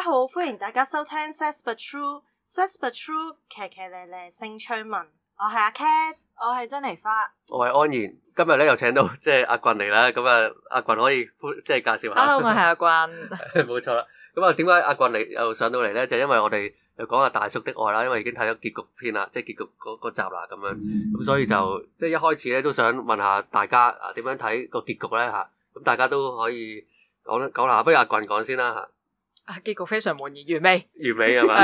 大家好，歡迎大家收聽《Says But True》，《Says But True》，騎騎咧咧性趣聞。我係阿 Cat，我係珍妮花，我係安然。今日咧又請到即係阿棍嚟啦。咁啊，阿棍可以即係介紹下。Hello，我係阿棍。冇錯啦。咁啊，點解阿棍嚟又上到嚟咧？就因為我哋又講下大叔的愛啦。因為已經睇咗結局片啦，即係結局嗰嗰集啦。咁樣咁，所以就即係一開始咧，都想問下大家啊，點樣睇個結局咧吓？咁大家都可以講啦講啦，不如阿棍講先啦吓。結局非常滿意，完美，完美係嘛？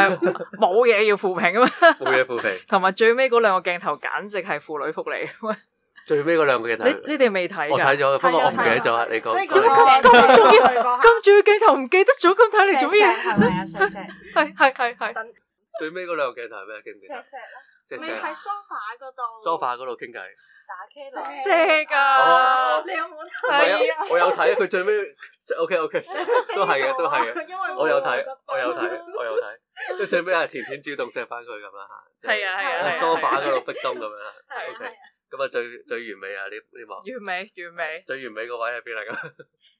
冇嘢要撫平啊嘛，冇嘢撫平。同埋最尾嗰兩個鏡頭簡直係婦女福利。最尾嗰兩個鏡頭，你哋未睇？我睇咗，不過我唔記得咗。你講咁重要，咁重要鏡頭唔記得咗，咁睇嚟，做咩？係係係係。等最尾嗰兩個鏡頭係咩？傾唔傾？石石啦，未喺沙發嗰度。沙發嗰度傾偈。打車嚟，錫噶！你有冇睇啊？我有睇，佢最尾 OK O K，都係嘅，都係嘅。我有睇，我有睇，我有睇。即最尾係甜甜主動錫翻佢咁啦，即係喺 sofa 嗰度壁咚咁樣。O K，咁啊最最完美啊呢呢幕！完美完美，最完美嗰位係邊嚟噶？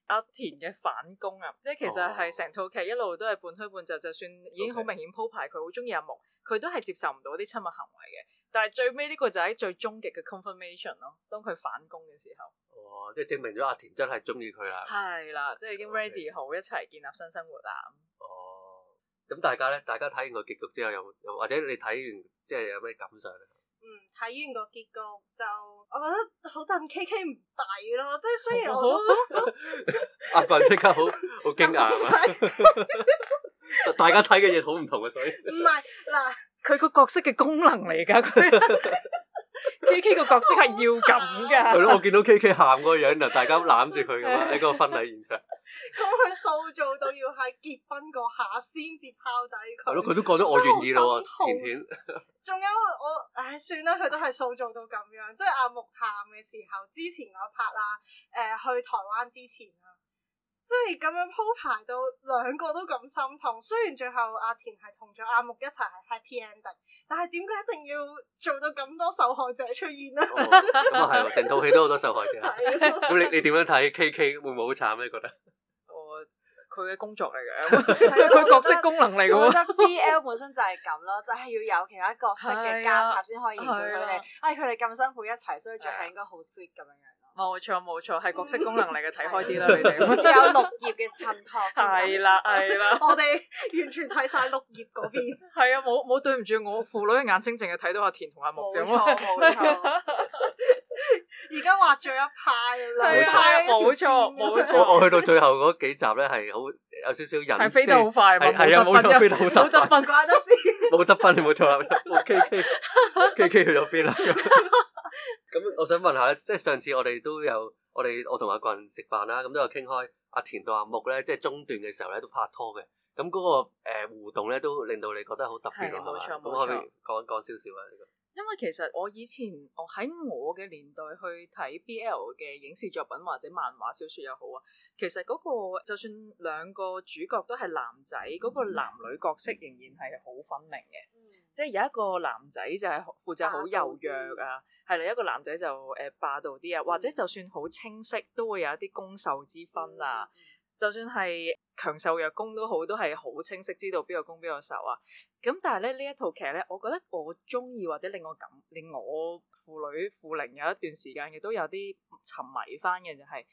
阿田嘅反攻啊！即其實係成套劇一路都係半推半就，就算已經好明顯鋪排，佢好中意阿木，佢都係接受唔到啲親密行為嘅。但係最尾呢個就係最終極嘅 confirmation 咯，當佢反攻嘅時候。哦，即係證明咗阿田真係中意佢啦。係啦，即係已經 ready 好一齊建立新生活啦。哦，咁大家咧，大家睇完個結局之後有，又或者你睇完即係有咩感想咧？嗯，睇完個結局就我覺得好戥 K K 唔抵咯，即係雖然我都阿伯即刻好好驚訝啊！大家睇嘅嘢好唔同嘅，所以唔係嗱。佢個角色嘅功能嚟噶，K K 個角色係要咁嘅、啊。係咯， 我見到 K K 喊嗰個樣，大家都攬住佢噶嘛，喺唉個婚禮現場。咁佢 塑造到要喺結婚個下先至拋低。係咯，佢都覺得我願意啦喎，甜甜。仲錢有我，唉，算啦，佢都係塑造到咁樣。即係阿木喊嘅時候，之前我拍啦，誒、呃，去台灣之前啊。即係咁樣鋪排到兩個都咁心痛，雖然最後阿田係同咗阿木一齊係 happy ending，但係點解一定要做到咁多受害者出現咧？咁啊係，成套戲都好多受害者。咁 對、哦、你你點樣睇 K K 會唔會好慘咧？你覺得？哦，佢嘅工作嚟嘅，佢 角色功能嚟嘅。我覺得 B L 本身就係咁咯，就係、是、要有其他角色嘅加插先可以面對佢、啊、哋。唉、哎，佢哋咁辛苦一齊，所以最後應該好 sweet 咁樣樣。冇錯冇錯，係角色功能嚟嘅，睇 開啲啦你哋。 有綠葉嘅襯托。係啦係啦。 我哋完全睇晒綠葉嗰邊。係啊，冇冇，對唔住我父女眼睛，淨係睇到阿田同阿木，冇錯冇錯。而家畫最一派啦。係啊，冇錯冇錯，我去到最後嗰幾集咧，係好有少少人。係飛得好快，冇得分冇得分怪得先，冇得分，你冇錯啦。K K K K 去咗邊啦？ 咁 我想問下，即係上次我哋都有我哋我同阿個人食飯啦，咁都有傾開阿田同阿木咧，即係中段嘅時候咧都拍拖嘅，咁嗰、那個誒、呃、互動咧都令到你覺得好特別係嘛？咁可以講講少少啊？呢個因為其實我以前我喺我嘅年代去睇 BL 嘅影視作品或者漫畫小說又好啊，其實嗰、那個就算兩個主角都係男仔，嗰、嗯、個男女角色仍然係好分明嘅，嗯嗯、即係有一個男仔就係負責好柔弱啊。係啦，一個男仔就誒霸道啲啊，或者就算好清晰，都會有一啲攻受之分啊。嗯、就算係強受弱攻都好，都係好清晰知道邊個攻邊個受啊。咁但係咧呢一套劇咧，我覺得我中意或者令我感令我腐女腐齡有一段時間亦都有啲沉迷翻嘅，就係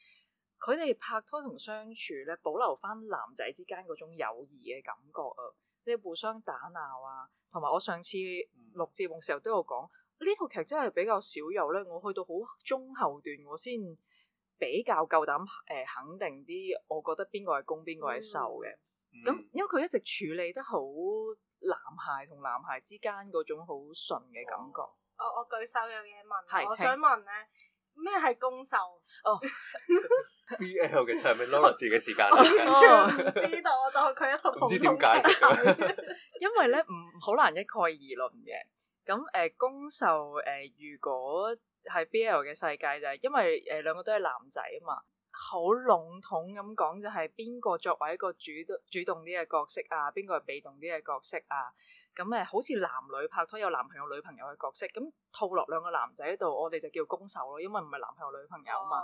佢哋拍拖同相處咧，保留翻男仔之間嗰種友誼嘅感覺啊，即係互相打鬧啊，同埋我上次錄節目時候都有講。呢套劇真係比較少有咧，我去到好中後段，我先比較夠膽誒肯定啲，我覺得邊個係攻，邊個係受嘅。咁因為佢一直處理得好男孩同男孩之間嗰種好純嘅感覺。我我舉手有嘢問，我想問咧咩係攻受？哦，B L 嘅，係咪撈落住嘅時間？完全唔知道，我對佢一套唔知點解，因為咧唔好難一概而論嘅。咁誒攻受誒，如果係 BL 嘅世界就係、是，因為誒、呃、兩個都係男仔啊嘛，好籠統咁講就係邊個作為一個主主動啲嘅角色啊，邊個係被動啲嘅角色啊？咁誒、呃、好似男女拍拖有男朋友女朋友嘅角色，咁套落兩個男仔度，我哋就叫攻受咯，因為唔係男朋友女朋友啊嘛，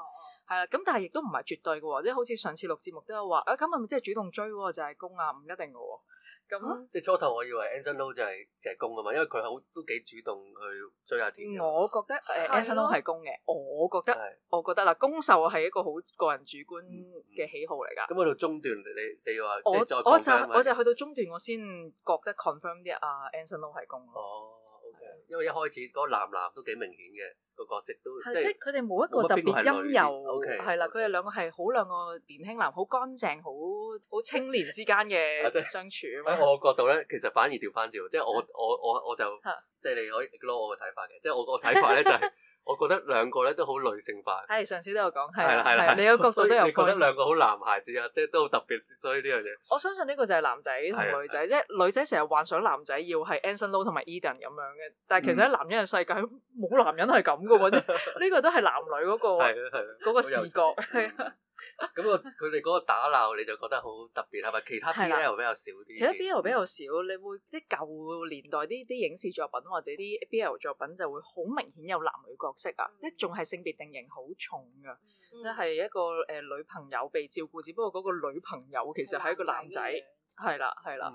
係啊、哦，咁但係亦都唔係絕對嘅喎、哦，即、就、係、是、好似上次錄節目都有話，啊咁係咪即係主動追嗰個就係攻啊，唔、就是啊、一定嘅喎、哦。咁即係初頭我以為 Anson Lo 就係其實公㗎嘛，因為佢好都幾主動去追下田我、呃啊。我覺得誒 Anson Lo 係公嘅，是我覺得我覺得啦，攻受係一個好個人主觀嘅喜好嚟㗎。咁去、嗯嗯嗯、到中段你你你話，我，我就為我就去到中段我先覺得 confirm 啲啊、uh，Anson Lo 係公咯。哦。因為一開始嗰男男都幾明顯嘅個角色都，即係佢哋冇一個特別陰柔，係啦，佢哋兩個係好兩個年輕男，好乾淨，好好青年之間嘅相處。喺我角度咧，其實反而調翻照。即係我我我我就，即係你可以攞我嘅睇法嘅，即係我個睇法咧就係。我覺得兩個咧都好女性化，係上次都有講，係啦係啦，你有個個都有講，覺得兩個好男孩子啊，即係都好特別，所以呢樣嘢。我相信呢個就係男仔同女仔，即係女仔成日幻想男仔要係 Anson Lo 同埋 Eden 咁樣嘅，但係其實喺男人嘅世界冇男人係咁嘅喎，呢個都係男女嗰個嗰個視覺，係啊。咁我佢哋嗰個打鬧你就覺得好特別係咪？其他 BL 比較少啲。其實 BL 比較少，你會啲舊年代啲啲影視作品或者啲 BL 作品就會好明顯有男女角色啊，即仲係性別定型好重㗎，即係、嗯、一個誒、呃、女朋友被照顧，只不過嗰個女朋友其實係一個男仔。係啦，係啦，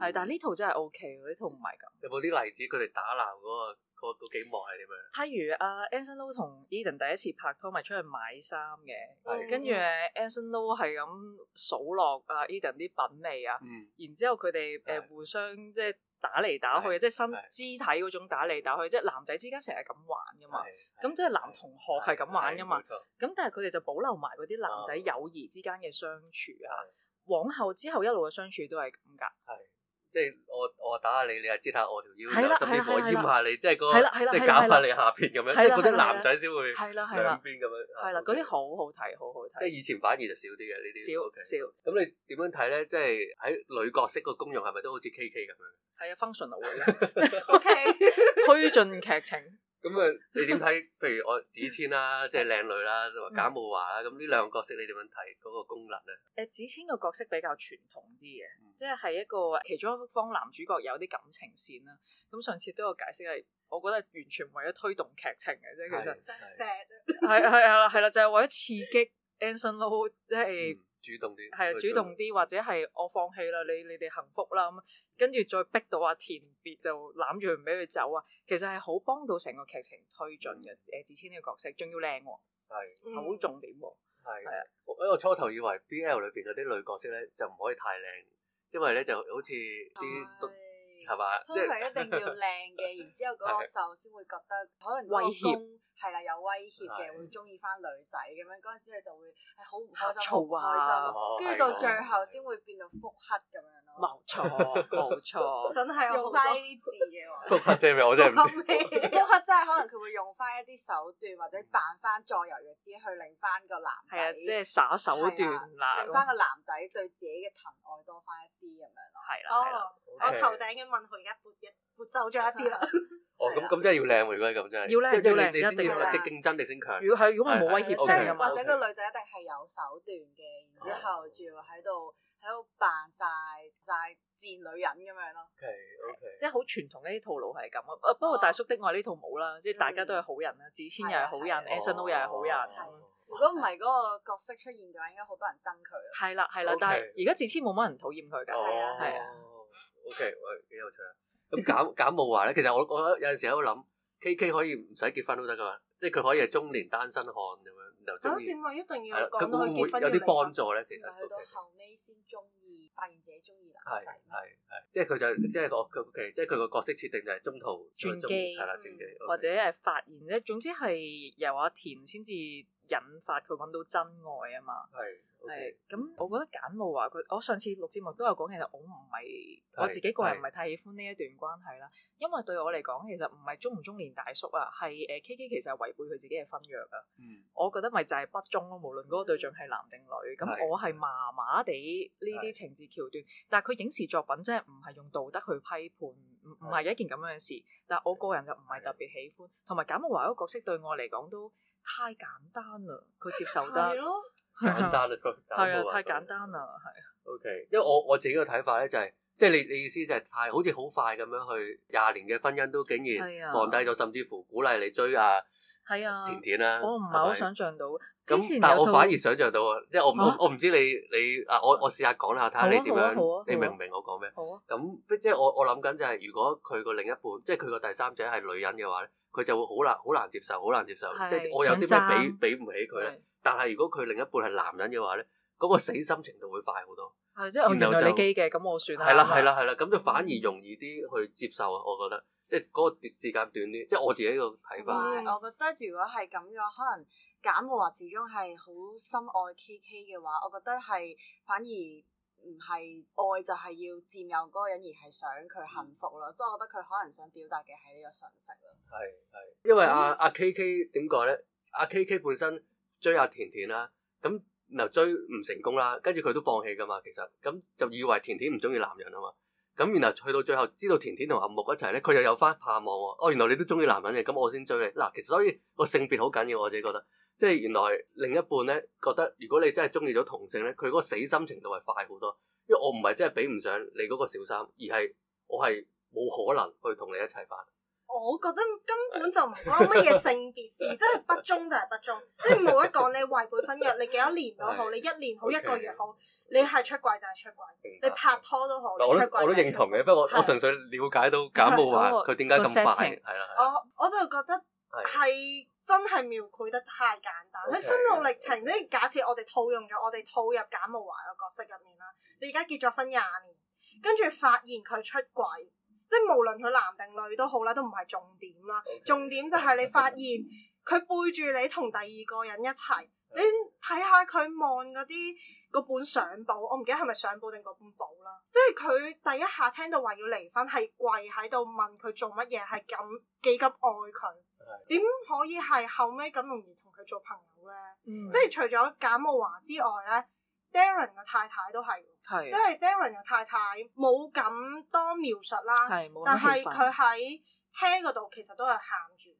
係。但係呢套真係 OK，呢套唔係咁。有冇啲例子？佢哋打鬧嗰個嗰幾幕係點樣？譬如阿 Anson Lo 同 Edan 第一次拍拖，咪出去買衫嘅。係跟住誒 Anson Lo 係咁數落阿 Edan 啲品味啊。然之後佢哋誒互相即係打嚟打去，即係身肢體嗰種打嚟打去，即係男仔之間成日咁玩噶嘛。係。咁即係男同學係咁玩噶嘛？冇錯。咁但係佢哋就保留埋嗰啲男仔友誼之間嘅相處啊。往後之後一路嘅相處都係咁噶，係即係我我打下你，你又知下我條腰，係啦係啦係啦，下你，即係嗰即係搞下你下邊咁樣，即係啲男仔先會係啦係啦兩邊咁樣，係啦嗰啲好好睇，好好睇，即係以前反而就少啲嘅呢啲，少少。咁你點樣睇咧？即係喺女角色個功用係咪都好似 K K 咁樣？係啊，function 嚟嘅，O K，推進劇情。咁啊，你點睇？譬如我子千啦，即係靚女啦，或者賈母華啦，咁呢兩個角色你點樣睇嗰個功能咧？誒，子千個角色比較傳統啲嘅，嗯、即係一個其中一方男主角有啲感情線啦。咁上次都有解釋係，我覺得完全為咗推動劇情嘅啫，即其實是 真係的 sad 真是 了。係係啊，啦，係啦，就係為咗刺激 Anson Lo 即係、就是。嗯嗯主動啲，係啊，主動啲或者係我放棄啦，你，你哋幸福啦咁，跟住再逼到阿田別就攬住佢唔俾佢走啊，其實係好幫到成個劇情推進嘅。誒、嗯，子千呢個角色仲要靚喎、哦，係好是、嗯、重點喎、哦。係啊是是，我初頭以為 BL 裏邊有啲女角色咧就唔可以太靚，因為咧就好似啲。是都係嘛，即係一定要靚嘅，然之後嗰個瘦先會覺得可能嗰個胸係啦有威脅嘅，會中意翻女仔咁樣。嗰陣時佢就會係好唔開心，啊，開心。跟住到最後先會變到腹黑咁樣咯。冇錯，冇錯，真係用翻啲字嘅話，腹黑即係咩？我真係唔知。腹黑即係可能佢會用翻一啲手段，或者扮翻再柔弱啲，去令翻個男仔，即係耍手段啦。令翻個男仔對自己嘅疼愛多翻一啲咁樣咯。係啦，係啦。我頭頂嘅問號而家撥一撥就咗一啲啦。哦，咁咁真係要靚回歸，咁真係要靚，要靚你先有來的競爭力先強。如果係，如果係冇威脅，或者個女仔一定係有手段嘅，然之後仲要喺度喺度扮曬曬賤女人咁樣咯。OK，OK，即係好傳統嘅啲套路係咁。誒不過大叔的愛呢套冇啦，即係大家都係好人啦，子千又係好人，Angel 又係好人。如果唔係嗰個角色出現嘅話，應該好多人憎佢。係啦，係啦，但係而家自千冇乜人討厭佢㗎。係啊，係啊。O、okay, K，喂，幾有趣啊！咁簡簡慕華咧，其實我我有陣時喺度諗，K K 可以唔使結婚都得噶嘛，即係佢可以係中年單身漢咁樣，又中意，點解一定要講到結婚？會唔會有啲幫助咧，其實到後尾先中意，發現自己中意男仔，係係即係佢就即係個佢 O K，即係佢個角色設定就係中途轉機，是是或者係發現咧，總之係由阿田先至引發佢揾到真愛啊嘛，係。係，咁 Okay.、嗯、我覺得簡慕華佢，我上次錄節目都有講，其實我唔係是我自己個人唔係太喜歡呢一段關係啦。是因為對我嚟講，其實唔係中唔中年大叔啊，係誒、呃、K K 其實係違背佢自己嘅婚約啊。嗯、我覺得咪就係不忠咯，無論嗰個對象係男定女，咁我係麻麻地呢啲情節橋段。是但係佢影視作品真係唔係用道德去批判，唔唔係一件咁樣嘅事。是但係我個人就唔係特別喜歡，同埋是簡慕華嗰個角色對我嚟講都太簡單啦，佢接受得。簡單啊，係啊，太簡單啦，係。O K，因為我我自己個睇法咧就係，即係你你意思就係太，好似好快咁樣去廿年嘅婚姻都竟然忘低咗，甚至乎鼓勵你追啊，係啊，甜甜啦，我唔係好想象到。咁，但我反而想象到，即係我我我唔知你你啊，我我試下講下睇下你點樣，你明唔明我講咩？好啊。咁即係我我諗緊就係，如果佢個另一半，即係佢個第三者係女人嘅話咧，佢就會好難好難接受，好難接受。即係我有啲咩俾俾唔起佢咧？但係如果佢另一半係男人嘅話咧，嗰個死心程度會快好多。係即係我女仔基嘅，咁我算係啦係啦係啦，咁就反而容易啲去接受啊！我覺得即係嗰個段時間短啲，即係我自己個睇法。我覺得如果係咁嘅話，可能簡嘅話始終係好深愛 K K 嘅話，我覺得係反而唔係愛就係要佔有嗰個人，而係想佢幸福咯。即係我覺得佢可能想表達嘅係呢個訊息咯。係係，因為阿阿 K K 點講咧？阿 K K 本身。追阿甜甜啦，咁然後追唔成功啦，跟住佢都放棄噶嘛。其實咁就以為甜甜唔中意男人啊嘛，咁然後去到最後知道甜甜同阿木一齊咧，佢又有翻盼望喎，哦，原來你都中意男人嘅，咁我先追你嗱。其實所以個性別好緊要，我自己覺得，即係原來另一半咧覺得如果你真係中意咗同性咧，佢嗰個死心程度係快好多，因為我唔係真係比唔上你嗰個小三，而係我係冇可能去同你一齊翻。我覺得根本就唔關乜嘢性別事，即係 不忠就係不忠，即係冇得講。你違背婚約，你幾多年都好，你一年好， 一個月好，你係出軌就係出軌，在你拍拖都好。我都我都認同嘅，不過我是我純粹了解到簡慕華佢點解咁快，係啦的。麼麼我、那個、我，我就覺得係真係描繪得太簡單。佢心 Okay, 路歷程，即係假設我哋套用咗我哋套入簡慕華嘅角色入面啦。你而家結咗婚廿年，跟住發現佢出軌。即係無論佢男定女都好啦，都唔係重點啦。重點就係你發現佢背住你同第二個人一齊。你睇下佢望嗰啲嗰本相簿，我唔記得係咪相簿定嗰本簿啦。即係佢第一下聽到話要離婚，係跪喺度問佢做乜嘢，係咁幾急愛佢，點可以係後尾咁容易同佢做朋友咧？嗯、即係除咗簡慕華之外咧。Darren 嘅太太都係，是即係 Darren 嘅太太冇咁多描述啦，但係佢喺車嗰度其實都係喊住，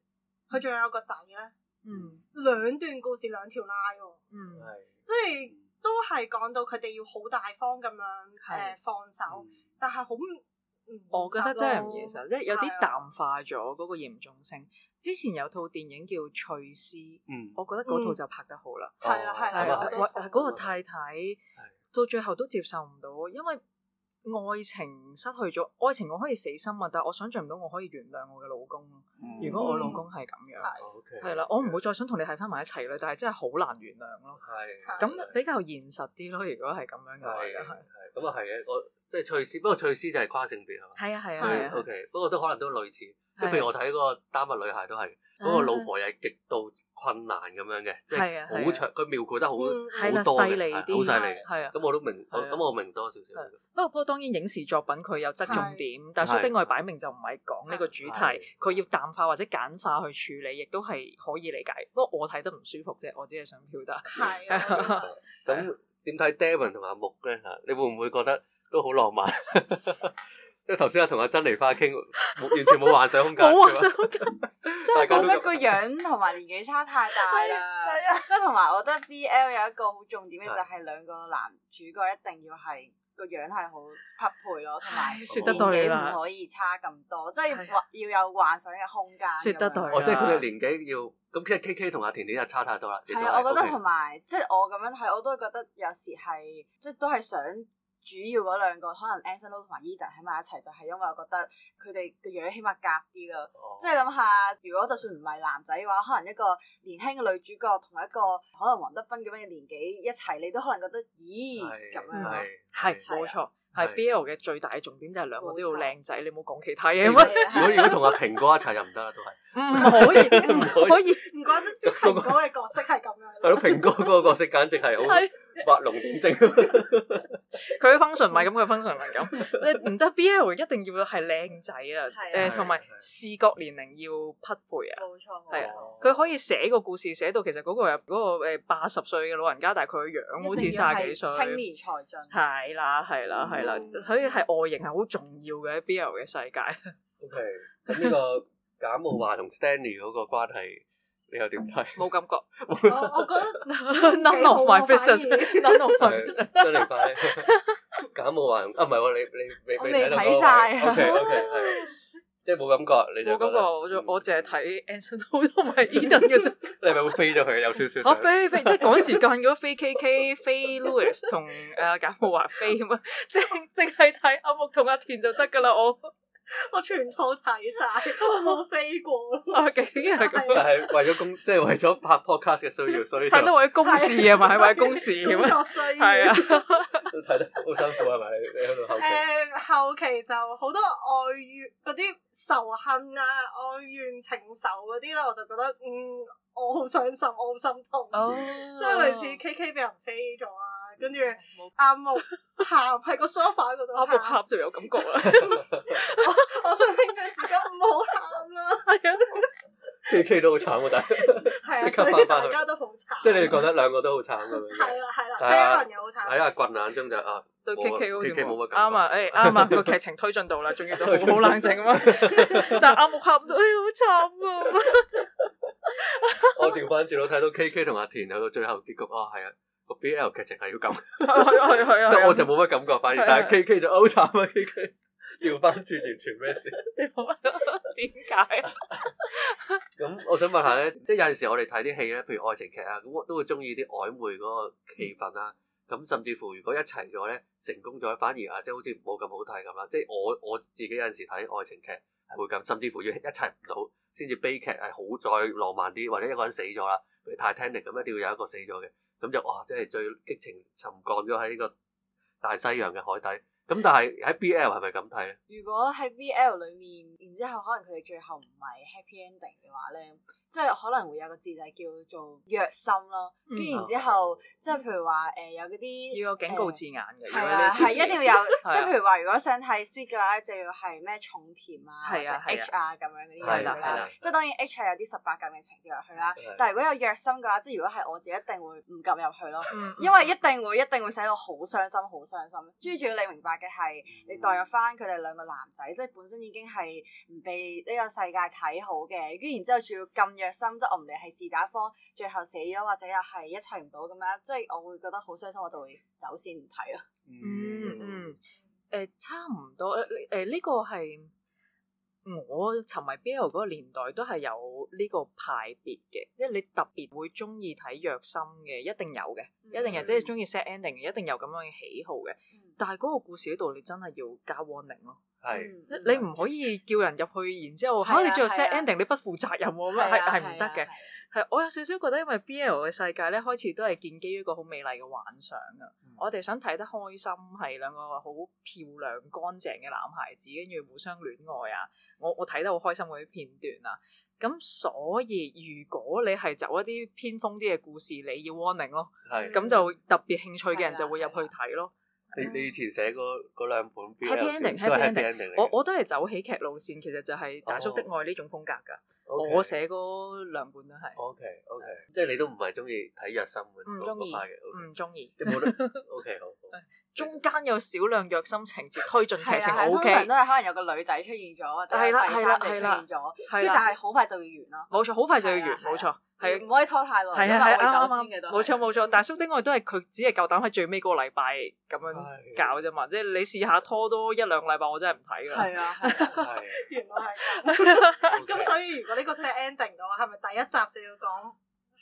佢仲有個仔咧，嗯，兩段故事兩條 line 喔、嗯、即係都係講到佢哋要好大方咁樣誒是放手，嗯、但係好，我覺得真係唔現實，即係有啲淡化咗嗰的、嗰個嚴重性。之前有套電影叫《翠絲》，嗯，我覺得嗰套就拍得好啦。係啦，係啦，係啦，嗰個太太到最後都接受唔到，因為。愛情失去咗，愛情我可以死心啊，但係我想象唔到我可以原諒我嘅老公咯。如果我老公係咁樣，係啦，我唔會再想同你喺翻埋一齊啦。但係真係好難原諒咯。係，咁比較現實啲咯。如果係咁樣嘅話，係係咁啊，係嘅。我即係翠絲，不過翠絲就係跨性別啊嘛。係啊係啊係啊。O K，不過都可能都類似，即係譬如我睇嗰個丹麥女孩都係，嗰個老婆又係極度。困難咁樣嘅，即係好長，佢描繪得好好多細膩好犀利，嘅，係啊，咁我都明，咁我明多少少。不過不過當然影視作品佢有側重點，但係《霜冰》我係擺明就唔係講呢個主題，佢要淡化或者簡化去處理，亦都係可以理解。不過我睇得唔舒服，啫，我只係想表達。係啊。咁點睇 Damon 同阿木咧嚇？你會唔會覺得都好浪漫？即係頭先，我同阿珍妮花傾，完全冇幻想空間。冇 幻想空間，即係 覺得個樣同埋年紀差太大啦。係啊， 即係同埋，我覺得 B L 有一個好重點嘅就係兩個男主角一定要係個樣係好匹配咯，同埋年紀唔可以差咁多，即係 要有幻想嘅空間。說得對，哦啊、即係佢哋年紀要咁，其實 K K 同阿甜甜就差太多啦。係，我覺得同埋即係我咁樣睇，我都係覺得有時係即係都係想。主要嗰兩個可能 Anson Lo 同埋 Edan 喺埋一齊，就係因為我覺得佢哋個樣起碼夾啲咯。即係諗下，如果就算唔係男仔嘅話，可能一個年輕嘅女主角同一個可能黃德斌咁樣嘅年紀一齊，你都可能覺得咦咁樣咯。係冇錯，係 BL 嘅最大嘅重點就係兩個都要靚仔。你冇講其他嘢乜？如果要同阿蘋果一齊就唔得啦，都係唔可以，唔可以，唔怪得知蘋果嘅角色係咁樣。係咯，蘋果嗰個角色簡直係好。畫龍點睛， 佢嘅 function 唔係咁嘅 function 嚟咁，即係唔得。B L 一定要係靚仔啊，誒的，同埋視覺年齡要匹配啊，冇錯，係啊，佢可以寫個故事寫到其實嗰個又嗰個誒八十歲嘅老人家，但係佢嘅樣好似卅幾歲，青年才俊，係啦係啦係啦，所以係外形係好重要嘅 B L 嘅世界。OK，咁呢個簡慕華同 Stanley 嗰個關係。你又點睇？冇感覺，我覺得 None of my business，None of my business，真嚟快。簡慕華啊，唔係喎，你你未未睇晒！OK OK，係即係冇感覺，你就……感覺，我我淨係睇 Anson 同 Edan 嘅啫。你係咪會飛咗佢？有少少。我飛飛，即係趕時間如果飛 K K 飛 Louis 同阿簡慕華飛啊！即係淨係睇阿木同阿田就得㗎喇我。我全套睇晒，我冇飛過。我竟然係咁，但係為咗公， 即係為咗拍 podcast 嘅需要，所以就係 為咗公事啊，係咪公事？工作需要。係啊，都睇 得好辛苦係咪？ 係咪你喺度後期？誒、呃，後期就好多愛怨嗰啲仇恨啊，愛怨情仇嗰啲啦。我就覺得嗯，我好傷心，我好心痛，oh, 即係類似 K K 俾人飛咗啊。跟住阿木喊喺個 sofa 嗰度，阿木喊就有感覺啦。 我想聽住自己唔好喊啦。K K 都好慘喎，但係即啊，翻翻、 啊、大家都好慘。即係你哋覺得兩個都好慘咁樣。係啦係啦，即係啲朋友好慘。係啊，棍眼睜就啊，都 K K 好似冇，啱啊，誒，啱啊，個劇情推進到啦，仲要到好冷靜啊。嘛！ 但係阿木喊，哎、呃，好慘啊！ 我調翻轉，我睇到 K K 同阿田去到最後結局，啊、哦，係啊。個 B L 劇情係要咁，我就冇乜感覺反而，但係、mm hmm, K K 就好慘啊！K K 調翻轉完全咩事 麼？點解啊？咁我想問下咧，即係有陣時我哋睇啲戲咧，譬如愛情劇啊，咁我都會中意啲曖昧嗰個氣氛啦。咁甚至乎如果一齊咗咧，成功咗反而啊，即係好似冇咁好睇咁啦。即係我我自己有陣時睇愛情劇會咁，甚至乎要一齊唔到先至悲劇係好再浪漫啲，或者一個人死咗啦，譬如 Titanic 咁，一定要有一個死咗嘅。咁就哇，即係最激情沉降咗喺呢個大西洋嘅海底。咁但係喺 BL 係咪咁睇咧？如果喺 BL 裡面，然之後可能佢哋最後唔係 happy ending 嘅話咧。即係可能會有個字就係叫做虐心咯，跟住，然之後即係譬如話誒有嗰啲要有警告字眼嘅，係啊係一定要有，即係譬如話如果想睇 sweet 嘅話，就要係咩重甜啊或者 H 啊咁樣嗰啲嘢啦。即係當然 H 係有啲十八禁嘅情節入去啦，但係如果有虐心嘅話，即係如果係我自己一定會唔撳入去咯，因為一定會一定會寫到好傷心好傷心。最重要你明白嘅係你代入翻佢哋兩個男仔，即係本身已經係唔被呢個世界睇好嘅，跟然之後仲要撳入。虐心，即我唔理係是打方，最後死咗，或者又係一齊唔到咁樣，即係我會覺得好傷心，我就會走先唔睇咯。嗯，誒、呃，差唔多，誒、呃，呢、這個係我沉迷 BL 嗰個年代都係有呢個派別嘅，即係你特別會中意睇虐心嘅，一定有嘅，嗯、一定人即係中意 set ending，一定有咁樣嘅喜好嘅。但係嗰個故事喺度，你真係要加 warning 咯。係，是嗯、你唔可以叫人入去，然之後嚇、啊啊、你最後 set ending，啊、你不負責任喎、啊，係係唔得嘅。係我有少少覺得，因為 BL 嘅世界咧，開始都係建基於一個好美麗嘅幻想啊。嗯、我哋想睇得開心，係兩個好漂亮、乾淨嘅男孩子，跟住互相戀愛啊。我我睇得好開心嗰啲片段啊。咁所以如果你係走一啲偏鋒啲嘅故事，你要 warning 咯。咁是、嗯、就特別興趣嘅人就會入去睇咯。你你以前寫嗰兩本 h Happy ending, a 我我都係走喜劇路線，其實就係《大叔的愛》呢種風格噶。Oh, okay. 我寫嗰兩本都係。O K，O K，即係你都唔係中意睇虐心嗰嗰派，唔中意。O K，okay, 好，好 中間有少量虐心情節推進劇情，O K。通常都係可能有個女仔出現咗，或者第三者出現咗，跟住但係好快就會完咯。冇錯，好快就會完，冇錯，係唔可以拖太耐，因為會走先嘅都。冇錯冇錯，但係《蘇丁》我都係佢只係夠膽喺最尾嗰個禮拜咁樣搞啫嘛，即係你試下拖多一兩禮拜，我真係唔睇㗎。係啊，原來係。咁所以如果呢個 sad ending 嘅話，係咪第一集就要講？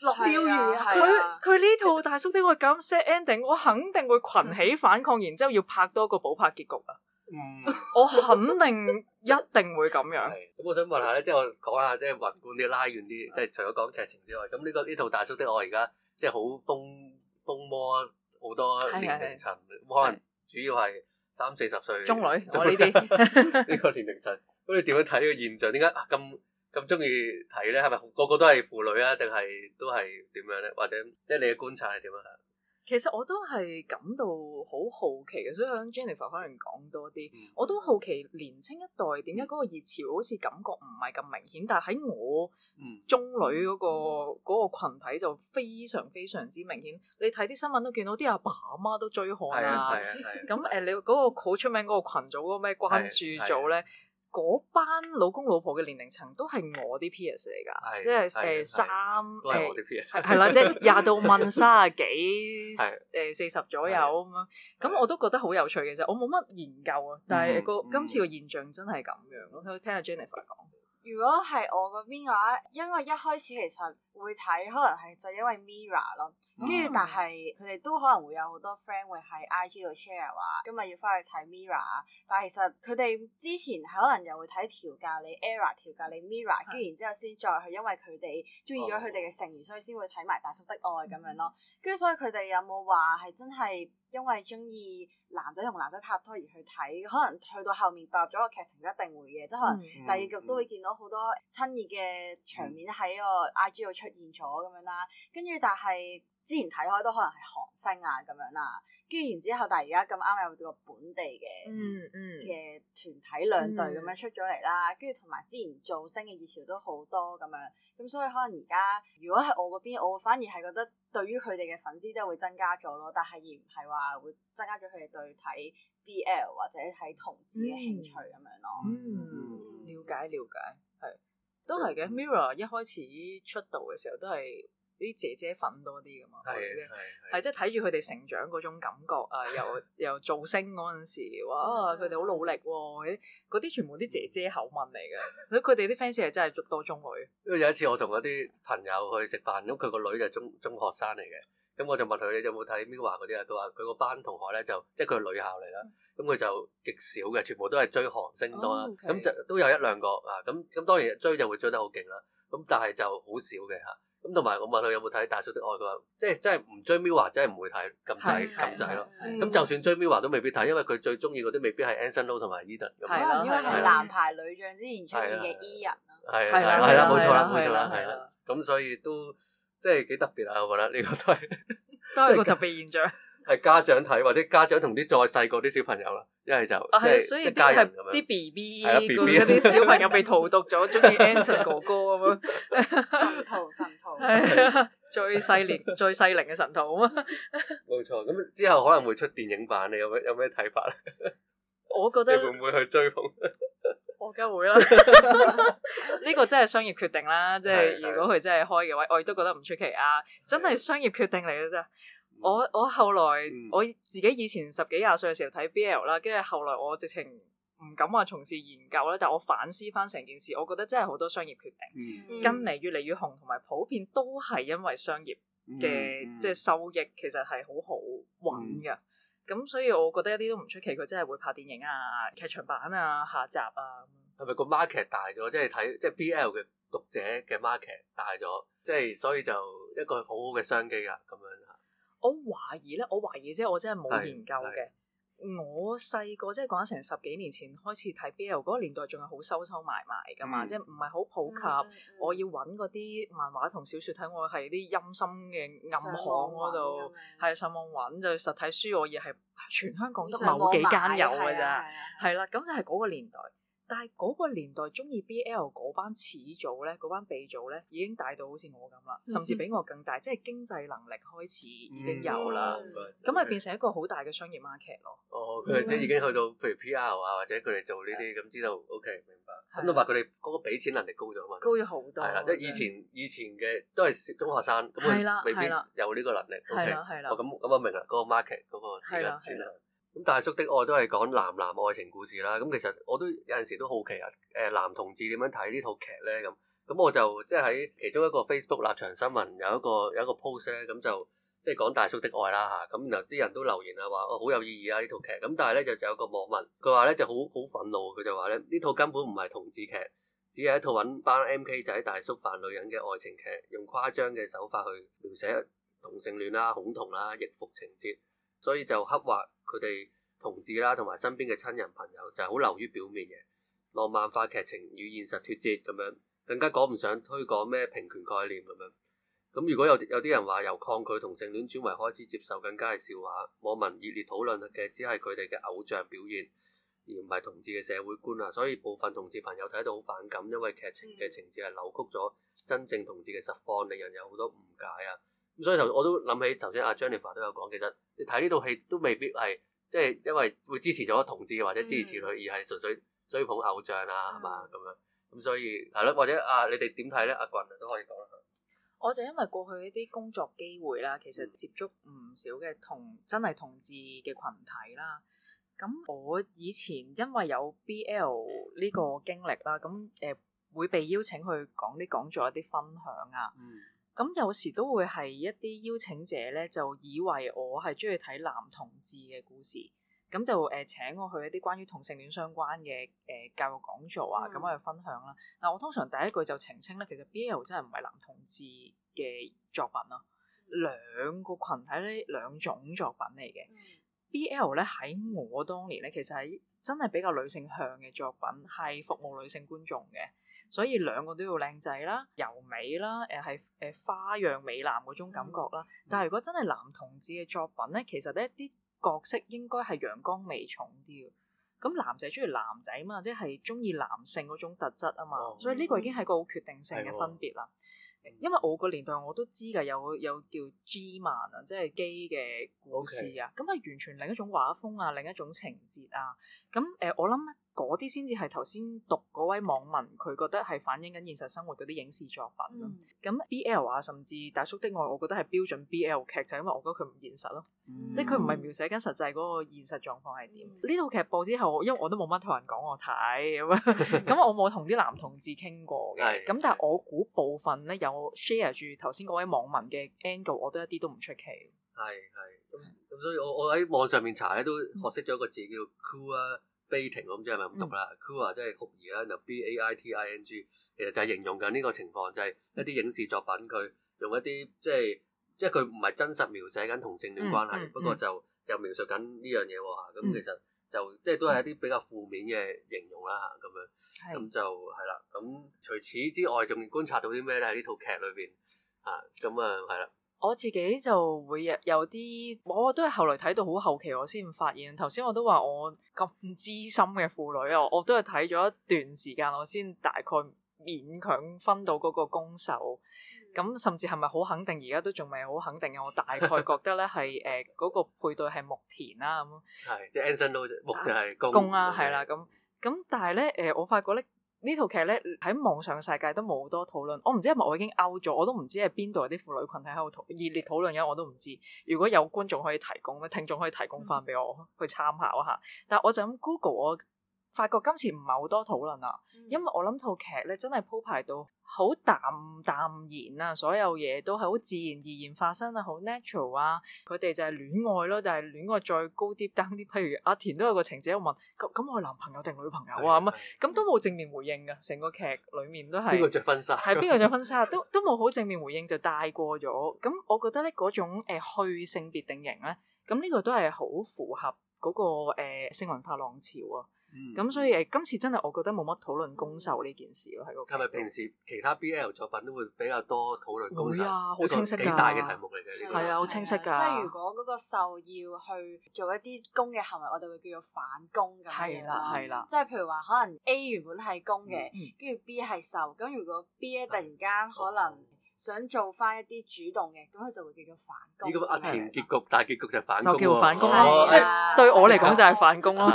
落標語啊！佢佢呢套《大叔的愛》咁 set ending，我肯定會群起反抗，嗯、然之後要拍多個補拍結局啊！嗯、我肯定一定會咁樣。咁 我想問下咧，即係我講下即係宏觀啲、拉遠啲，即係除咗講劇情之外，咁呢個呢套《大叔的愛》而家即係好瘋瘋魔好多年齡層，是是是可能主要係三四十歲中女，我呢啲呢個年齡層。咁你點樣睇呢個現象？點解咁？啊啊啊啊啊啊啊啊咁中意睇咧，係咪個個都係婦女啊？定係都係點樣咧？或者即係你嘅觀察係點樣？其實我都係感到好好奇嘅，所以想 Jennifer 可能講多啲。嗯、我都好奇年青一代點解嗰個熱潮好似感覺唔係咁明顯，但係喺我中女嗰、嗰個嗯嗯、個群體就非常非常之明顯。你睇啲新聞都見到啲阿爸阿媽都追漢啊！係啊係啊咁誒，你嗰個好出名嗰個羣組嗰咩關注組咧？嗰班老公老婆嘅年齡層都係我啲 PS 嚟㗎，即係是誒的三誒係啦，即係廿到問卅幾誒四十左右咁樣，咁我都覺得好有趣嘅啫。我冇乜研究啊，但係個、嗯、今次個現象真係咁樣。我想聽下 Jennifer 講。如果係我嗰邊嘅話，因為一開始其實會睇，可能係就因為 Mirror 咯、嗯，跟住但係佢哋都可能會有好多 friend 會喺 IG 度 share 話，今日要翻去睇 Mirror，但係其實佢哋之前可能又會睇調教你 Era，調教你 Mirror，跟住然之後先再去，因為佢哋中意咗佢哋嘅成員，哦、所以先會睇埋大叔的愛咁樣咯。跟住、嗯、所以佢哋有冇話係真係？因為中意男仔同男仔拍拖而去睇，可能去到後面踏入咗個劇情都一定會嘅，嗯、即係可能第二局都會見到好多親熱嘅場面喺個 IG 度出現咗咁、嗯、樣啦，跟住但係。之前睇開都可能係韓星啊咁樣啦、啊，跟住然之後，但係而家咁啱有個本地嘅嘅、嗯嗯、團體兩隊咁樣出咗嚟啦，跟住同埋之前造星嘅熱潮都好多咁樣、啊，咁所以可能而家如果喺我嗰邊，我反而係覺得對於佢哋嘅粉絲真係會增加咗咯，但係而唔係話會增加咗佢哋對睇 BL 或者睇同志嘅興趣咁、嗯、樣咯、啊嗯。嗯，了解了解，係都係嘅。嗯、Mirror 一開始出道嘅時候都係。啲姐姐粉多啲噶嘛，係係係，即係睇住佢哋成長嗰種感覺啊，嗯欸、又又造星嗰陣時，哇！佢哋好努力喎、啊，嗰啲全部啲姐姐口吻嚟嘅，所以佢哋啲 fans 係真係多中女。 因為有一次我同嗰啲朋友去食飯，咁佢個女就中中學生嚟嘅，咁我就問佢：你有冇睇 Mirror 話嗰啲啊？佢話佢個班同學咧就即係佢女校嚟啦，咁佢就極少嘅，全部都係追韓星多啦。咁 就都有一兩個啊，咁咁當然追就會追得好勁啦。咁但係就好少嘅嚇。咁同埋我問佢有冇睇《大叔的愛》，佢話即係真係唔追 Mirror，真係唔會睇咁滯咁滯咯。咁就算追 Mirror 都未必睇，因為佢最中意嗰啲未必係 Anson Lo 同埋 Edan 咁啦。可能因為係男排女將之前出現嘅 E 人咯。係啦係啦，冇錯啦冇錯啦，咁所以都即係幾特別啊！我覺得呢個都係都係個特別現象。係家長睇，或者家長同啲再細個啲小朋友啦，一係就即係即係家啲 BB 係啦，BB 嗰啲小朋友被荼毒咗，中意 Anson 哥哥咁樣。神徒，神徒係最細齡最細齡嘅神徒啊！冇錯，咁之後可能會出電影版，你有咩有咩睇法咧？我覺得你會唔會去追捧？我梗會啦，呢個真係商業決定啦。即係如果佢真係開嘅話，我亦都覺得唔出奇啊。真係商業決定嚟嘅啫。我我後來、嗯、我自己以前十幾廿歲嘅時候睇 B.L. 啦，跟住後來我直情唔敢話從事研究咧，但我反思返成件事，我覺得真係好多商業決定、嗯、跟嚟越嚟越紅，同埋普遍都係因為商業嘅即係收益其實係好好搵㗎。咁、嗯、所以我覺得一啲都唔出奇，佢真係會拍電影啊、劇場版啊、下集啊。係咪個 market 大咗？即係睇即係 B.L. 嘅讀者嘅 market 大咗，即係所以就一個好好嘅商機啦。咁樣。我懷疑咧，我懷疑即係我真係冇研究嘅。我細個即係講成十幾年前開始睇 BL 嗰個年代，仲係好收收埋埋噶嘛，嗯、即係唔係好普及。嗯嗯、我要揾嗰啲漫畫同小説睇，我係啲陰森嘅暗巷嗰度，係上網揾就實體書，我而係全香港都某幾間有嘅咋係啦，咁就係嗰個年代。但係嗰個年代鍾意 BL 嗰班始祖咧，嗰班鼻祖咧已經大到好似我咁啦，甚至比我更大，即係經濟能力開始已經有啦。咁咪變成一個好大嘅商業 market 咯。哦，佢或者已經去到譬如 PR 啊，或者佢哋做呢啲咁，知道 OK 明白。咁都話佢哋嗰個俾錢能力高咗嘛。高咗好多。係啦，即係以前以前嘅都係中學生，咁佢未必有呢個能力。係啦係啦。咁咁我明啦，嗰個 market 嗰個而家轉啦。咁大叔的愛都係講男男愛情故事啦。咁其實我都有陣時都好奇啊，誒、呃、男同志點樣睇呢套劇呢？咁咁我就即係喺其中一個 Facebook 立場新聞有一個有一個 post 咧，咁就即係講大叔的愛啦嚇。咁然後啲人都留言啊話哦好有意義啊呢套劇。咁但係呢，就有個網民佢話呢就好好憤怒，佢就話咧呢套根本唔係同志劇，只係一套揾班 M K 仔大叔扮女人嘅愛情劇，用誇張嘅手法去描寫同性戀啦、啊、恐同啦、啊、逆服情節，所以就刻畫。佢哋同志啦，同埋身邊嘅親人朋友就係好流於表面嘅浪漫化劇情與現實脫節咁樣，更加講唔上推廣咩平權概念咁樣。咁如果有有啲人話由抗拒同性戀轉為開始接受，更加係笑話。網民熱烈討論嘅只係佢哋嘅偶像表現，而唔係同志嘅社會觀啊。所以部分同志朋友睇到好反感，因為劇情嘅情節係扭曲咗真正同志嘅實況，令人有好多誤解啊。咁所以就我都諗起，頭先阿 Jennifer 都有講，其實你睇呢套戲都未必係，即係因為會支持咗同志或者支持佢，嗯、而係純粹追捧偶像啊，係嘛，咁樣。咁、嗯、所以係咯，或者啊，你哋點睇咧？阿人都可以講。我就因為過去一啲工作機會啦，其實接觸唔少嘅同真係同志嘅群體啦。咁我以前因為有 BL 呢個經歷啦，咁誒、呃、會被邀請去講啲講座一啲分享啊。嗯咁有時都會係一啲邀請者咧，就以為我係中意睇男同志嘅故事，咁就誒、呃、請我去一啲關於同性戀相關嘅誒、呃、教育講座啊，咁去分享啦。但、嗯、我通常第一句就澄清咧，其實 BL 真係唔係男同志嘅作品咯，兩個群體呢，兩種作品嚟嘅。嗯、BL 咧喺我當年咧，其實，係真係比較女性向嘅作品，係服務女性觀眾嘅。所以兩個都要靚仔啦、柔美啦，誒係誒花樣美男嗰種感覺啦。嗯、但係如果真係男同志嘅作品咧，其實咧啲角色應該係陽光美重啲嘅。咁男仔中意男仔啊嘛，即係中意男性嗰種特質啊嘛。嗯、所以呢個已經係個好決定性嘅分別啦。嗯嗯、因為我個年代我都知㗎，有有叫 G 漫啊，即係基嘅故事啊。咁係 Okay. 完全另一種畫風啊，另一種情節啊。咁誒、呃，我諗嗰啲先至係頭先讀嗰位網民佢覺得係反映緊現實生活嗰啲影視作品咁、嗯、BL 啊，甚至大叔的愛，我覺得係標準 BL 劇，就是、因為我覺得佢唔現實咯，即係佢唔係描寫緊實際嗰個現實狀況係點。呢套、嗯、劇播之後，因為我都冇乜同人講我睇咁，咁我冇同啲男同志傾過嘅。咁 但係我估部分咧有 share 住頭先嗰位網民嘅 angle，我一都一啲都唔出奇。係係咁，咁所以我我喺網上面查咧，都學識咗一個字叫 cool 啊。Baiting 咁即係咪咁讀啦？Cool 啊，即係酷兒啦，就、嗯、B A I T I N G，其實就係形容緊呢個情況，就係、是、一啲影視作品佢用一啲即係，即係佢唔係真實描寫緊同性戀關係，嗯嗯、不過就又描述緊呢樣嘢喎嚇。咁其實就即係都係一啲比較負面嘅形容啦嚇咁樣。咁、嗯、就係啦。咁除此之外，仲觀察到啲咩咧？喺呢套劇裏邊啊，咁啊係啦。啊啊啊啊啊啊我自己就會有有啲，我都係後來睇到好後期，我先發現。頭先我都話我咁資深嘅婦女啊，我都係睇咗一段時間，我先大概勉強分到嗰個攻守。咁甚至係咪好肯定？而家都仲未好肯定嘅，我大概覺得咧係誒嗰個配對係木田啦咁。係，即係 N 神都木就係攻。攻啦。係啦，咁咁，但係咧誒，我發覺咧。劇呢套劇咧喺網上世界都冇好多討論，我唔知係咪我已經 out 咗，我都唔知係邊度有啲婦女群體喺度熱烈討論嘅，我都唔知。如果有觀眾可以提供咧，聽眾可以提供翻俾我去參考一下。但係我就諗 Google，我發覺今次唔係好多討論啊，因為我諗套劇咧真係鋪排到。好淡淡然啊，所有嘢都係好自然而然發生啊，好 natural 啊，佢哋就係戀愛咯，但係戀愛再高啲、低啲，譬如阿田都有個情節我問：咁咁我係男朋友定女朋友啊？咁咁都冇正面回應嘅，成個劇裡面都係邊個着婚紗？係邊個着婚紗？都都冇好正面回應，就帶過咗。咁我覺得咧嗰種誒去、呃、性別定型咧，咁呢個都係好符合嗰、那個誒、呃、星文化浪潮啊。咁、嗯、所以誒，今次真係我覺得冇乜討論攻受呢件事咯，喺個係咪平時其他 BL 作品都會比較多討論攻受？會啊，好清晰㗎。幾大嘅題目嚟嘅呢個？係啊，好清晰㗎。即係如果嗰個受要去做一啲攻嘅行為，我哋會叫做反攻咁樣。係啦、啊，係啦、啊。即係譬如話，可能 A 原本係攻嘅，跟住、嗯嗯、B 係受。咁如果 B 突然間可能。想做翻一啲主動嘅，咁佢就會叫做反攻。咦？咁阿田結局，但係結局就係反攻喎，即係對我嚟講就係反攻咯。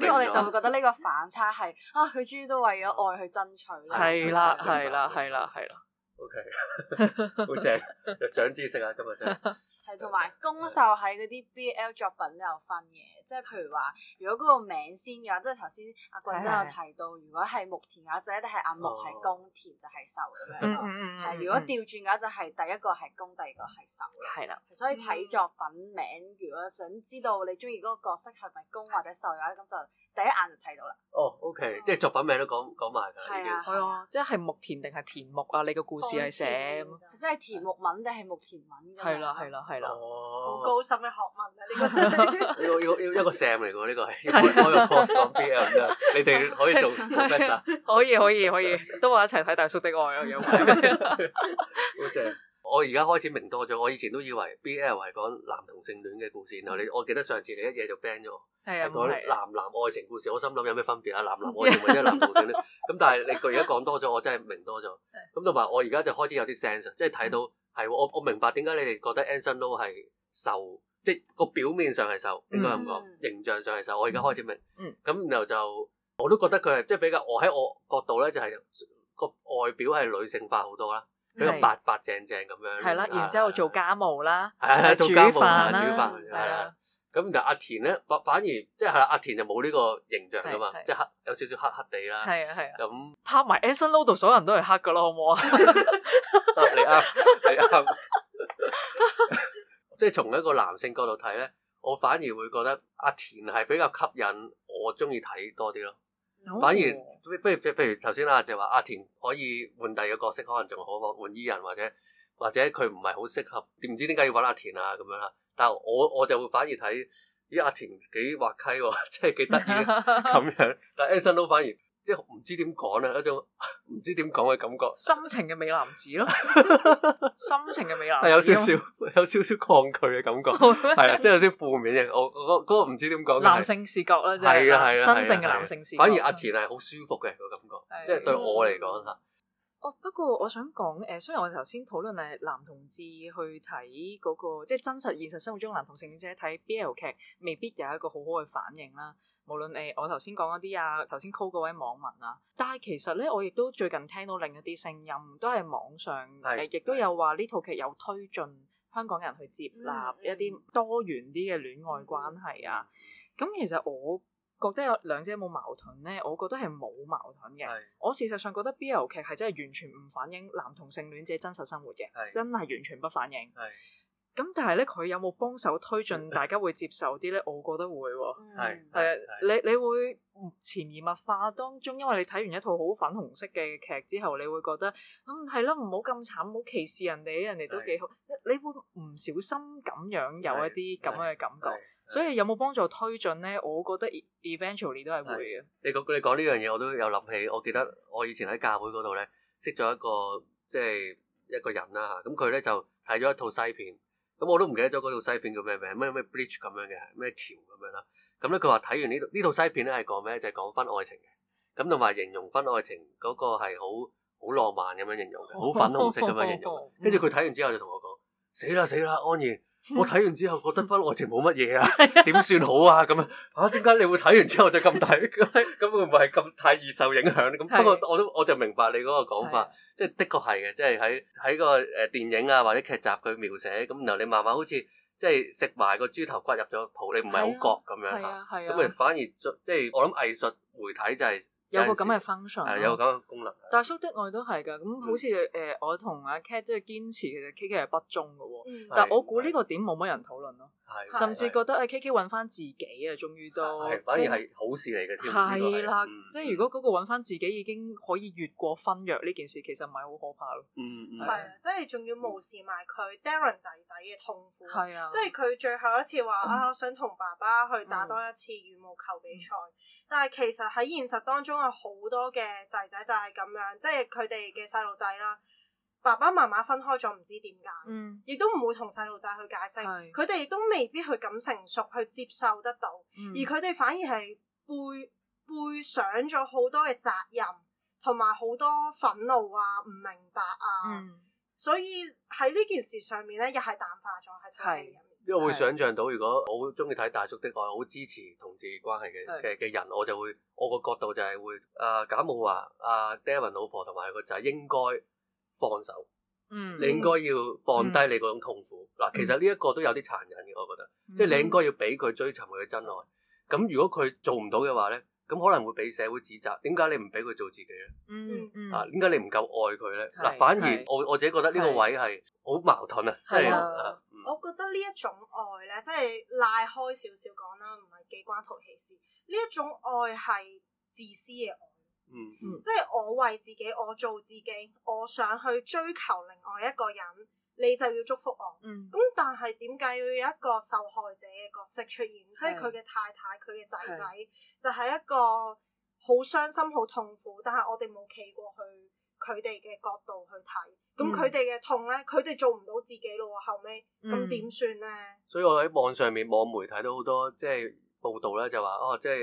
跟住我哋就會覺得呢個反差，係啊，佢終於都為咗愛去爭取啦。係啦，係啦，係啦，係啦。OK，好正，又長知識啊！今日真係係同埋攻受喺嗰啲 BL 作品都有分嘅。即係譬如話，如果嗰個名先嘅話，即係頭先阿棍都有提到，如果係木田啊仔，一定係阿木係公田就係受咁樣，係如果調轉啊仔係第一個係公，第二個係受啦。係啦，所以睇作品名，如果想知道你中意嗰個角色係咪公或者受嘅話，咁就第一眼就睇到啦。哦，OK，即係作品名都講講埋㗎。係啊，係啊，即係木田定係田木啊？你個故事係寫即係田木文定係木田文㗎？係啦，係啦，係啦。好高深嘅學問啊！呢個要要要。一個 Sam 嚟㗎，呢個係，我用 course 講 BL，你哋可以做 f 可以可以可以，都話一齊睇大叔的愛啊！好正。我而家開始明多咗，我以前都以為 BL 係講男同性戀嘅故事，然後你我記得上次你一嘢就 ban 咗我。係啊，講男男愛情故事，我心諗有咩分別啊？男男愛情或者男同性戀？咁但係你而家講多咗，我真係明多咗。咁同埋我而家就開始有啲 sense，即係睇到係，我我明白點解你哋覺得 Anson Lo 係受。即係個表面上係瘦，應該咁講。形象上係瘦，我而家開始明。咁然後就我都覺得佢係即係比較，我喺我角度咧就係個外表係女性化好多啦，比較白白淨淨咁樣。係啦，然之後做家務啦，做家務啦，煮飯啦。係啦。咁但阿田咧，反反而即係啦，阿田就冇呢個形象噶嘛，即係黑有少少黑黑地啦。係啊，係啊。咁拍埋《a s h a n Load》所有人都係黑噶咯，好唔好啊？你啱，你啱。即係從一個男性角度睇咧，我反而會覺得阿田係比較吸引，我中意睇多啲咯。No 反而不 如譬譬如頭先阿就話阿田可以換第二個角色，可能仲好過換伊人，或者或者佢唔係好適合。點知點解要揾阿田啊咁樣啦？但係我我就會反而睇咦阿田幾滑稽喎，啊，即係幾得意咁樣。但係 Anson 都反而。即係唔知點講啦，一種唔知點講嘅感覺，深情嘅美男子咯，深情嘅美男子，係 有少少有少少抗拒嘅感覺，係啦， 即係有啲負面嘅。我嗰嗰個唔知點講，男性視覺啦，係啊係啊，真正嘅男性視覺。反而阿田係好舒服嘅嗰個感覺，即係的對我嚟講吓。哦，不過我想講，誒，雖然我哋頭先討論係男同志去睇嗰、嗰個，即係真實現實生活中男同性戀者睇 BL 劇，未必有一個好好嘅反應啦。無論誒，我頭先講嗰啲啊，頭先 call 嗰位網民啊，但係其實咧，我亦都最近聽到另一啲聲音，都係網上亦是都有話呢套劇有推進香港人去接納、嗯、一啲多元啲嘅戀愛關係啊。咁、嗯、其實我覺得有兩者有冇矛盾呢，我覺得係冇矛盾嘅。是我事實上覺得 BL 劇係真係完全唔反映男同性戀者真實生活嘅，是真係完全不反映。是咁但係咧，佢有冇幫手推進大家會接受啲咧？我覺得會喎。係啊，你你會潛移默化當中，因為你睇完一套好粉紅色嘅劇之後，你會覺得咁係咯，唔好咁慘，唔好歧視人哋，人哋都幾好。的你會唔小心咁樣有一啲咁樣嘅感覺。所以有冇幫助推進咧？我覺得 eventually 都係會嘅。你講你講呢樣嘢，我都有諗起。我記得我以前喺教會嗰度咧，識咗一個即係一,一個人啦嚇。咁佢咧就睇咗一套西片。咁、嗯、我都唔記得咗嗰套西片叫咩名，咩咩 Bridge 咁樣嘅，咩橋咁樣啦。咁咧佢話睇完呢套,套西片咧係講咩？就係講翻愛情嘅。咁同埋形容翻愛情嗰個係好浪漫咁樣形容嘅，好粉紅色咁樣形容。跟住佢睇完之後就同我講：「死啦死啦，安怡。」 我睇完之後覺得番愛情冇乜嘢啊，點算好啊？咁樣啊，點解你會睇完之後就咁睇？咁咁會唔係咁太易受影響咧？咁不過我都我就明白你嗰個講法，的即係的確係嘅，即係喺喺個誒電影啊或者劇集佢描寫，咁然後你慢慢好似即係食埋個豬頭骨入咗肚，你唔係好覺咁樣嚇，咁咪反而即係我諗藝術媒體就係有個咁嘅 function，有個咁嘅功能。大叔的愛都係噶，咁好似誒、呃、我同阿 Kate 即係堅持其實 Kiki 係不忠嘅。但我估呢個點冇乜人討論咯，甚至覺得誒 K K 揾翻自己啊，終於都反而係好事嚟嘅。係啦，即係如果嗰個揾翻自己已經可以越過婚約呢件事，其實唔係好可怕咯。嗯嗯，係啊，即係仲要無視埋佢 Darren 仔仔嘅痛苦。係啊，即係佢最後一次話啊，想同爸爸去打多一次羽毛球比賽，但係其實喺現實當中有好多嘅仔仔就係咁樣，即係佢哋嘅細路仔啦。爸爸媽媽分開咗，唔知點解，嗯、亦都唔會同細路仔去解釋。佢哋是都未必去咁成熟去接受得到，嗯、而佢哋反而係背背上咗好多嘅責任，同埋好多憤怒啊、唔明白啊。嗯、所以喺呢件事上面咧，又係淡化咗喺台劇入面。因為會想像到，如果好鍾意睇大叔的愛，好支持同志關係嘅嘅嘅人，我就會我個角度就係會啊，假冒阿 David 老婆同埋個仔應該。放手，嗯，你應該要放低你嗰種痛苦。嗱、嗯，其實呢一個都有啲殘忍嘅，我覺得，即係、嗯、你應該要俾佢追尋佢嘅真愛。咁、嗯、如果佢做唔到嘅話咧，咁可能會俾社會指責。點解你唔俾佢做自己咧、嗯？嗯嗯。啊，點解你唔夠愛佢咧？嗱是，反而我我自己覺得呢個位係好矛盾啊。係、嗯、啊，我覺得呢一種愛咧，即係拉開少少講啦，唔係幾關頭戲事。呢一種愛係自私嘅愛。嗯嗯、即係我為自己，我做自己，我想去追求另外一個人，你就要祝福我。嗯，咁但係點解要一個受害者嘅角色出現？嗯、即係佢嘅太太，佢嘅仔仔就係一個好傷心、好痛苦，但係我哋冇企過去佢哋嘅角度去睇，咁佢哋嘅痛咧，佢哋做唔到自己咯。後尾，咁點算咧？呢所以我喺網上面網媒睇到好多，即係。報道咧就話哦，即係誒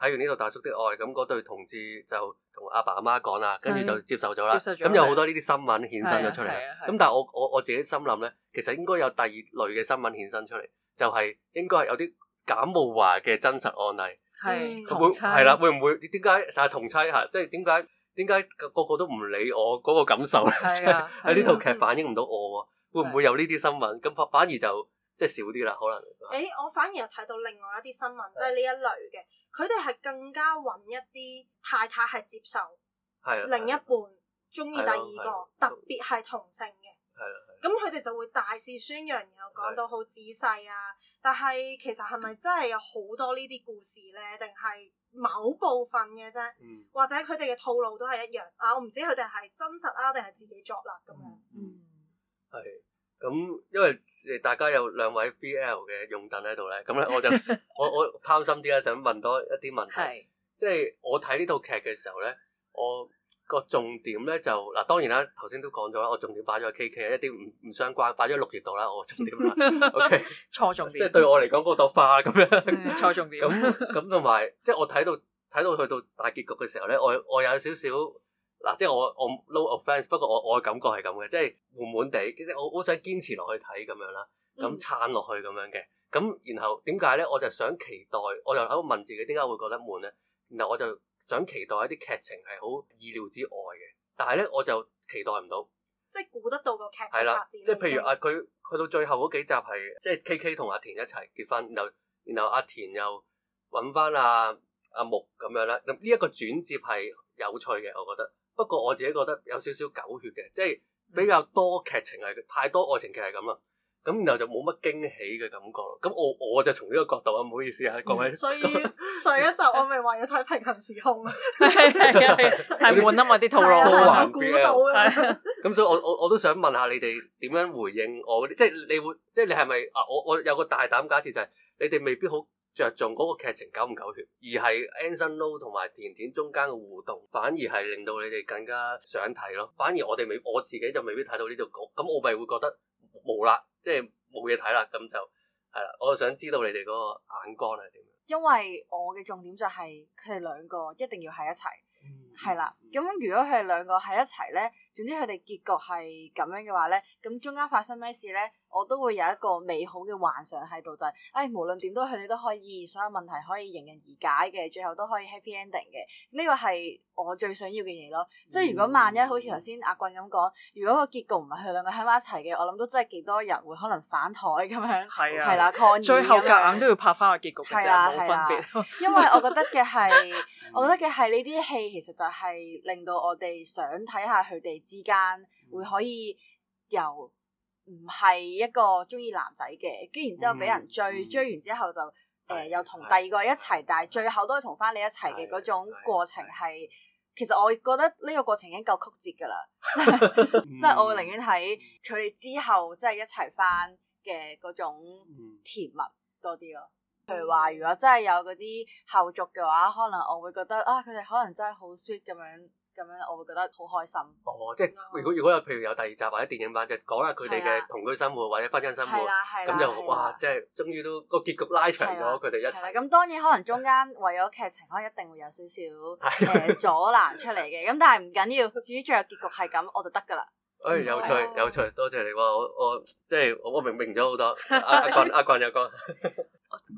睇完呢套《大叔的愛》，咁嗰對同志就同阿爸阿媽講啦，跟住就接受咗啦。接受咗咁有好多呢啲新聞衍生咗出嚟。咁但係我我我自己心諗咧，其實應該有第二類嘅新聞衍生出嚟，就係應該係有啲簡慕華嘅真實案例。係同妻啦，會唔會點解？但係同妻嚇，即係點解點解個個都唔理我嗰個感受咧？喺呢套劇反映唔到我喎，會唔會有呢啲新聞？咁反反而就。即係少啲啦，可能。誒，我反而又睇到另外一啲新聞，即係呢一類嘅，佢哋係更加揾一啲太太係接受，另一半中意第二個，特別係同性嘅。係啦。咁佢哋就會大肆宣揚，然後講到好仔細啊！但係其實係咪真係有好多呢啲故事咧？定係某部分嘅啫？或者佢哋嘅套路都係一樣啊！我唔知佢哋係真實啊，定係自己作立咁樣。嗯。係。咁因為。大家有兩位 BL 嘅用凳喺度咧，咁咧我就我我貪心啲啦，想咁問多一啲問題。係， 即係我睇呢套劇嘅時候咧，我個重點咧就嗱，當然啦，頭先都講咗啦，我重點擺咗 K K，一啲唔唔相關，擺咗六月度啦，我重點啦。O K。錯重點。即係對我嚟講嗰朵花咁樣。錯、 嗯、重點。咁咁同埋，即係我睇到睇到去到大結局嘅時候咧，我我，我有少少。嗱、啊，即係我我 low、no、offence，不過我我嘅感覺係咁嘅，即係悶悶地，即係我好想堅持落去睇咁樣啦，咁撐落去咁樣嘅，咁然後點解咧？我就想期待，我就喺度問自己點解會覺得悶咧？然後我就想期待一啲劇情係好意料之外嘅，但係咧我就期待唔到，即係估得到個劇情發展，即係譬如阿佢去到最後嗰幾集係即係 K K 同阿田一齊結婚，然後然後阿田又揾翻阿阿木咁樣啦，咁呢一個轉折係有趣嘅，我覺得。不過我自己覺得有少少狗血嘅，即係比較多劇情係太多愛情劇係咁啦，咁然後就冇乜驚喜嘅感覺咯。咁我我就從呢個角度啊，唔好意思啊，各位。嗯，所以上一集我咪話要睇平行時空啊，太悶啊嘛啲套路，啊？難估到啊。咁所以我我我都想問下你哋點樣回應我啲，即係你會，即係你係咪啊？我我，我有個大膽假設就係你哋未必好。着重嗰個劇情夠唔夠血，而係 Anson Lo 同埋甜甜中間嘅互動，反而係令到你哋更加想睇咯。反而我哋未，我自己就未必睇到呢度講，咁我咪會覺得冇啦，即係冇嘢睇啦。咁就係啦，我就想知道你哋嗰個眼光係點樣？因為我嘅重點就係佢哋兩個一定要喺一齊，係啦，嗯。咁如果佢哋兩個喺一齊咧？總之佢哋結局係咁樣嘅話咧，咁中間發生咩事咧，我都會有一個美好嘅幻想喺度就係、是，誒、哎、無論點都佢哋都可以所有問題可以迎刃而解嘅，最後都可以 happy ending 嘅。呢個係我最想要嘅嘢咯。嗯、即係如果萬一好似頭先阿棍咁講，如果個結局唔係佢兩個喺埋一齊嘅，我諗都真係幾多人會可能反台咁樣，係、啊、啦抗議咁樣，最後夾硬，硬都要拍翻個結局㗎，就冇、啊啊、分別、啊啊。因為我覺得嘅係， 我覺得嘅係呢啲戲其實就係令到我哋想睇下佢哋。之間會可以由唔係一個鍾意男仔嘅，跟然之後俾人追，嗯、追完之後就誒、呃嗯、又同第二個一齊，嗯、但係最後都係同翻你一齊嘅嗰種過程係，嗯、其實我覺得呢個過程已經夠曲折噶啦，即係我寧願喺佢哋之後即係一齊翻嘅嗰種甜蜜多啲咯。譬如話，如果真係有嗰啲後續嘅話，可能我會覺得啊，佢哋可能真係好 sweet 咁樣。咁樣我會覺得好開心。哦，即係如果如果有譬如有第二集或者電影版，就講下佢哋嘅同居生活的或者婚姻生活，咁就哇，的即係終於都個結局拉長咗佢哋一齊。咁當然可能中間的為咗劇情，可能一定會有少少的、呃、阻難出嚟嘅，咁但係唔緊要，只要最後結局係咁，我就得㗎啦。誒、哎、有趣， 有趣、有趣，多謝你喎！我我即係 我明明咗好多，阿阿冠阿冠又講，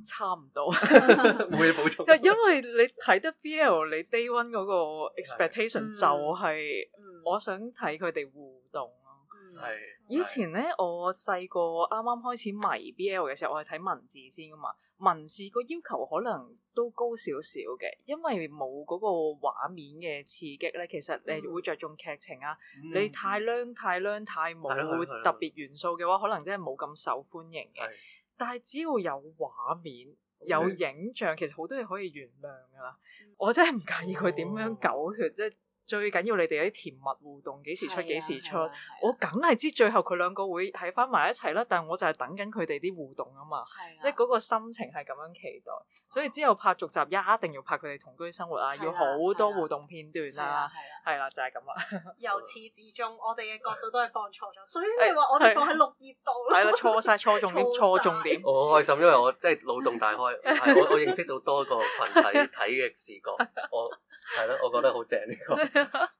差唔多，冇嘢補充。 因為你睇得 BL，你 day one 嗰個 expectation 就係、是嗯嗯、我想睇佢哋互動咯。係、嗯。是 以前咧，我細個啱啱開始迷 BL 嘅時候，我係睇文字先噶嘛。文字個要求可能都高少少嘅，因為冇嗰個畫面嘅刺激咧，其實你會着重劇情啊，嗯、你太靚太靚太冇特別元素嘅話，嗯、可能真係冇咁受歡迎嘅。嗯、但係只要有畫面的有影像，其實好多嘢可以原諒㗎啦。嗯、我真係唔介意佢點樣狗血，即係、哦。最緊要你哋有啲甜蜜互動，幾時出，幾時出，我梗係知最後佢兩個會喺翻埋一齊啦。但係我就係等緊佢哋啲互動啊嘛，即係嗰個心情係咁樣期待。所以之後拍續集，一定要拍佢哋同居生活啊，要好多互動片段啦，係啦，就係咁啦。由始至終，我哋嘅角度都係放錯咗，所以你話我哋放喺綠葉度啦。係咯，錯晒，錯重點，錯重點，我好開心，因為我即係腦洞大開，我我認識到多個群體睇嘅視覺。我係咯，我覺得好正呢個。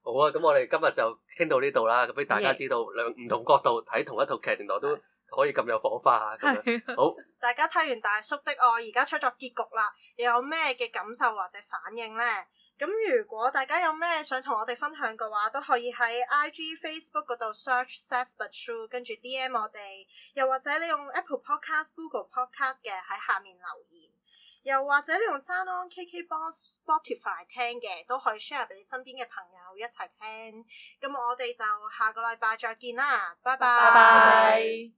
好啊，咁我哋今日就傾到呢度啦，俾大家知道兩唔 Yeah. 同角度睇同一套劇，原來都可以咁有火花啊！咁 Yeah. 樣好，大家睇完大叔的愛而家出咗結局啦，又有咩嘅感受或者反應呢？咁如果大家有咩想同我哋分享嘅話，都可以喺 IG、Facebook 嗰度 search s a z b e s h o 跟住 DM 我哋，又或者你用 Apple Podcast、Google Podcast 嘅喺下面留言。又或者你用 s a m s n g KK BOX Spotify 聽嘅，都可以 share 俾你身邊嘅朋友一齊聽。咁我哋就下個禮拜再見啦，拜拜，拜拜。